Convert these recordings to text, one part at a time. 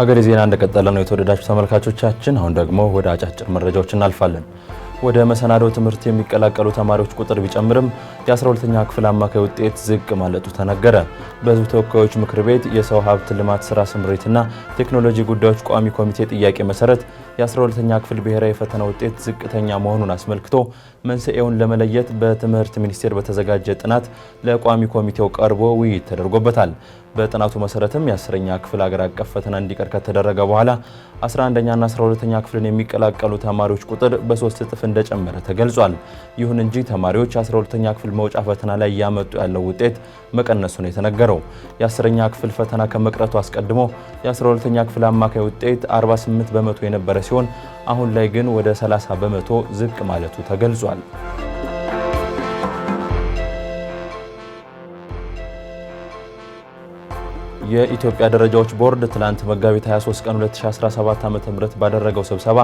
ሀገሬ ዜና እንደቀጠለ ነው። የተወደዳችሁ ተመልካቾቻችን፣ አሁን ደግሞ ወደ አጫጭር መረጃዎች እናልፋለን። ወደ መሰናዶ ትምህርት የሚቀላቀሉ ተማሪዎች ቁጥር ቢጨምርም የ12ኛ ክፍል አማካይ ውጤት ዝቅ ማለቱ ተነገረ። በሕዝብ ተወካዮች ምክር ቤት የሰው ሀብት ልማት ስራ ስምሪትና ቴክኖሎጂ ጉዳዮች ቋሚ ኮሚቴ ጥያቄ መሰረት የ12ኛ ክፍል ብሔራዊ ፈተና ውጤት ዝቅተኛ መሆኑን አስመልክቶ መንስኤውን ለመለየት በትምህርት ሚኒስቴር በተዘጋጀ ጥናት ለቋሚ ኮሚቴው ቀርቦ ውይይት ተደርጎበታል። በጥናቱ መሰረትም የአስረኛ ክፍል ሀገር አቀፍ ፈተና እንዲቀር ከተደረገ በኋላ 11ኛና 12ኛ ክፍልን የሚቀላቀሉ ተማሪዎች ቁጥር በሶስት እጥፍ እንደጨመረ ተገልጿል። ይሁን እንጂ ተማሪዎች 12ኛ ክፍል መውጫ ፈተና ላይ እያመጡ ያለው ውጤት መቀነሱ ነው የተነገረው። የአስረኛ ክፍል ፈተና ከመቅረቱ አስቀድሞ የ12ኛ ክፍል አማካይ ውጤት 48 በመቶ የነበረ ሲሆን አሁን ላይ ግን ወደ 30 በመቶ ዝቅ ማለቱ ተገልጿል። የኢትዮጵያ ደረጃዎች ቦርድ ትላንት መጋቢት 23 ቀን 2017 ዓ.ም ባደረገው ስብሰባ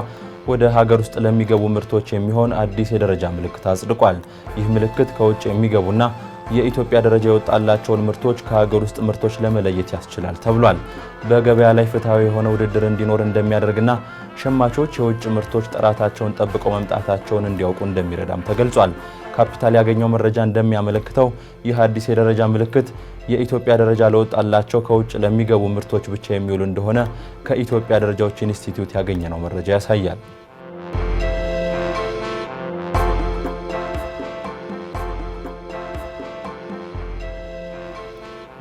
ወደ ሀገር ውስጥ ለሚገቡ ምርቶች የሚሆን አዲስ የደረጃ ምልክት አጽድቋል። ይህ ምልክት ከውጭ የሚገቡና የኢትዮጵያ ደረጃ የወጣላቸውን ምርቶች ከሀገር ውስጥ ምርቶች ለመለየት ያስችላል ተብሏል። በገበያ ላይ ፍትሐዊ የሆነ ውድድር እንዲኖር እንደሚያደርግና ሸማቾች የውጭ ምርቶች ጥራታቸውን ጠብቀው መምጣታቸውን እንዲያውቁ እንደሚረዳም ተገልጿል። ካፒታል ያገኘው መረጃ እንደሚያመለክተው ይህ አዲስ የደረጃ ምልክት የኢትዮጵያ ደረጃ ለወጣላቸው ከውጭ ለሚገቡ ምርቶች ብቻ የሚውል እንደሆነ ከኢትዮጵያ ደረጃዎች ኢንስቲትዩት ያገኘነው መረጃ ያሳያል።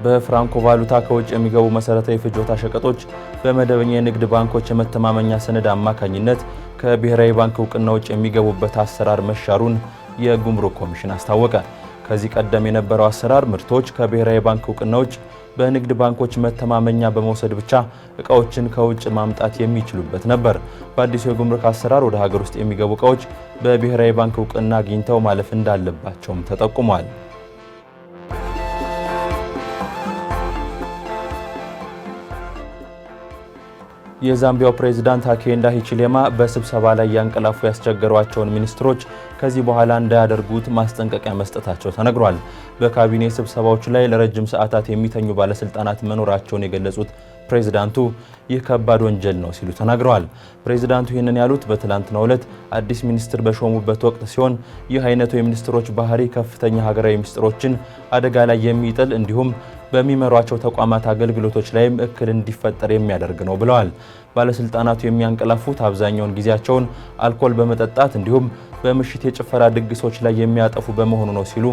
በፍራንኮ ቫሉታ ከውጭ የሚገቡ መሰረታዊ ፍጆታ ሸቀጦች በመደበኛ የንግድ ባንኮች የመተማመኛ ሰነድ አማካኝነት ከብሔራዊ ባንክ እውቅና ውጭ የሚገቡበት አሰራር መሻሩን የጉምሩክ ኮሚሽን አስታወቀ። ከዚህ ቀደም የነበረው አሰራር ምርቶች ከብሔራዊ ባንክ እውቅና ውጭ በንግድ ባንኮች መተማመኛ በመውሰድ ብቻ እቃዎችን ከውጭ ማምጣት የሚችሉበት ነበር። በአዲሱ የጉምሩክ አሰራር ወደ ሀገር ውስጥ የሚገቡ እቃዎች በብሔራዊ ባንክ እውቅና አግኝተው ማለፍ እንዳለባቸውም ተጠቁሟል። የዛምቢያው ፕሬዝዳንት ሀኬንዳ ሂችሌማ በስብሰባ ላይ ያንቀላፉ ያስቸገሯቸውን ሚኒስትሮች ከዚህ በኋላ እንዳያደርጉት ማስጠንቀቂያ መስጠታቸው ተነግሯል። በካቢኔ ስብሰባዎች ላይ ለረጅም ሰዓታት የሚተኙ ባለስልጣናት መኖራቸውን የገለጹት ፕሬዝዳንቱ ይህ ከባድ ወንጀል ነው ሲሉ ተናግረዋል። ፕሬዝዳንቱ ይህንን ያሉት በትላንትናው ዕለት አዲስ ሚኒስትር በሾሙበት ወቅት ሲሆን ይህ አይነቱ የሚኒስትሮች ባህሪ ከፍተኛ ሀገራዊ ሚኒስትሮችን አደጋ ላይ የሚጥል እንዲሁም በሚመሯቸው ተቋማት አገልግሎቶች ላይም እክል እንዲፈጠር የሚያደርግ ነው ብለዋል። ባለስልጣናቱ የሚያንቀላፉት አብዛኛውን ጊዜያቸውን አልኮል በመጠጣት እንዲሁም በምሽት የጭፈራ ድግሶች ላይ የሚያጠፉ በመሆኑ ነው ሲሉ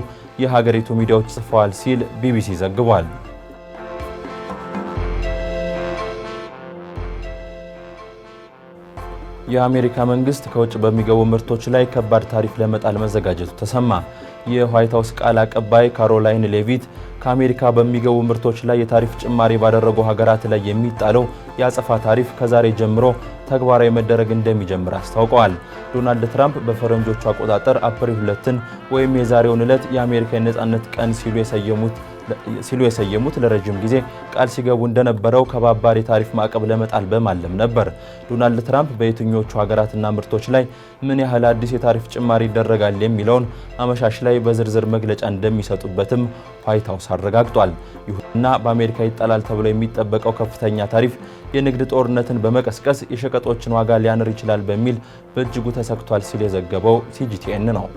የሀገሪቱ ሚዲያዎች ጽፈዋል ሲል ቢቢሲ ዘግቧል። የአሜሪካ መንግስት ከውጭ በሚገቡ ምርቶች ላይ ከባድ ታሪፍ ለመጣል መዘጋጀቱ ተሰማ። የዋይት ሀውስ ቃል አቀባይ ካሮላይን ሌቪት ከአሜሪካ በሚገቡ ምርቶች ላይ የታሪፍ ጭማሪ ባደረጉ ሀገራት ላይ የሚጣለው የአጸፋ ታሪፍ ከዛሬ ጀምሮ ተግባራዊ መደረግ እንደሚጀምር አስታውቀዋል። ዶናልድ ትራምፕ በፈረንጆቹ አቆጣጠር አፕሪል ሁለትን ወይም የዛሬውን ዕለት የአሜሪካ የነፃነት ቀን ሲሉ የሰየሙት ሲሉ የሰየሙት ለረጅም ጊዜ ቃል ሲገቡ እንደነበረው ከባባድ የታሪፍ ማዕቀብ ለመጣል በማለም ነበር። ዶናልድ ትራምፕ በየትኞቹ ሀገራትና ምርቶች ላይ ምን ያህል አዲስ የታሪፍ ጭማሪ ይደረጋል የሚለውን አመሻሽ ላይ በዝርዝር መግለጫ እንደሚሰጡበትም ዋይት ሀውስ አረጋግጧል። ይሁንና በአሜሪካ ይጣላል ተብሎ የሚጠበቀው ከፍተኛ ታሪፍ የንግድ ጦርነትን በመቀስቀስ የሸቀጦችን ዋጋ ሊያንር ይችላል በሚል በእጅጉ ተሰግቷል ሲል የዘገበው ሲጂቲኤን ነው።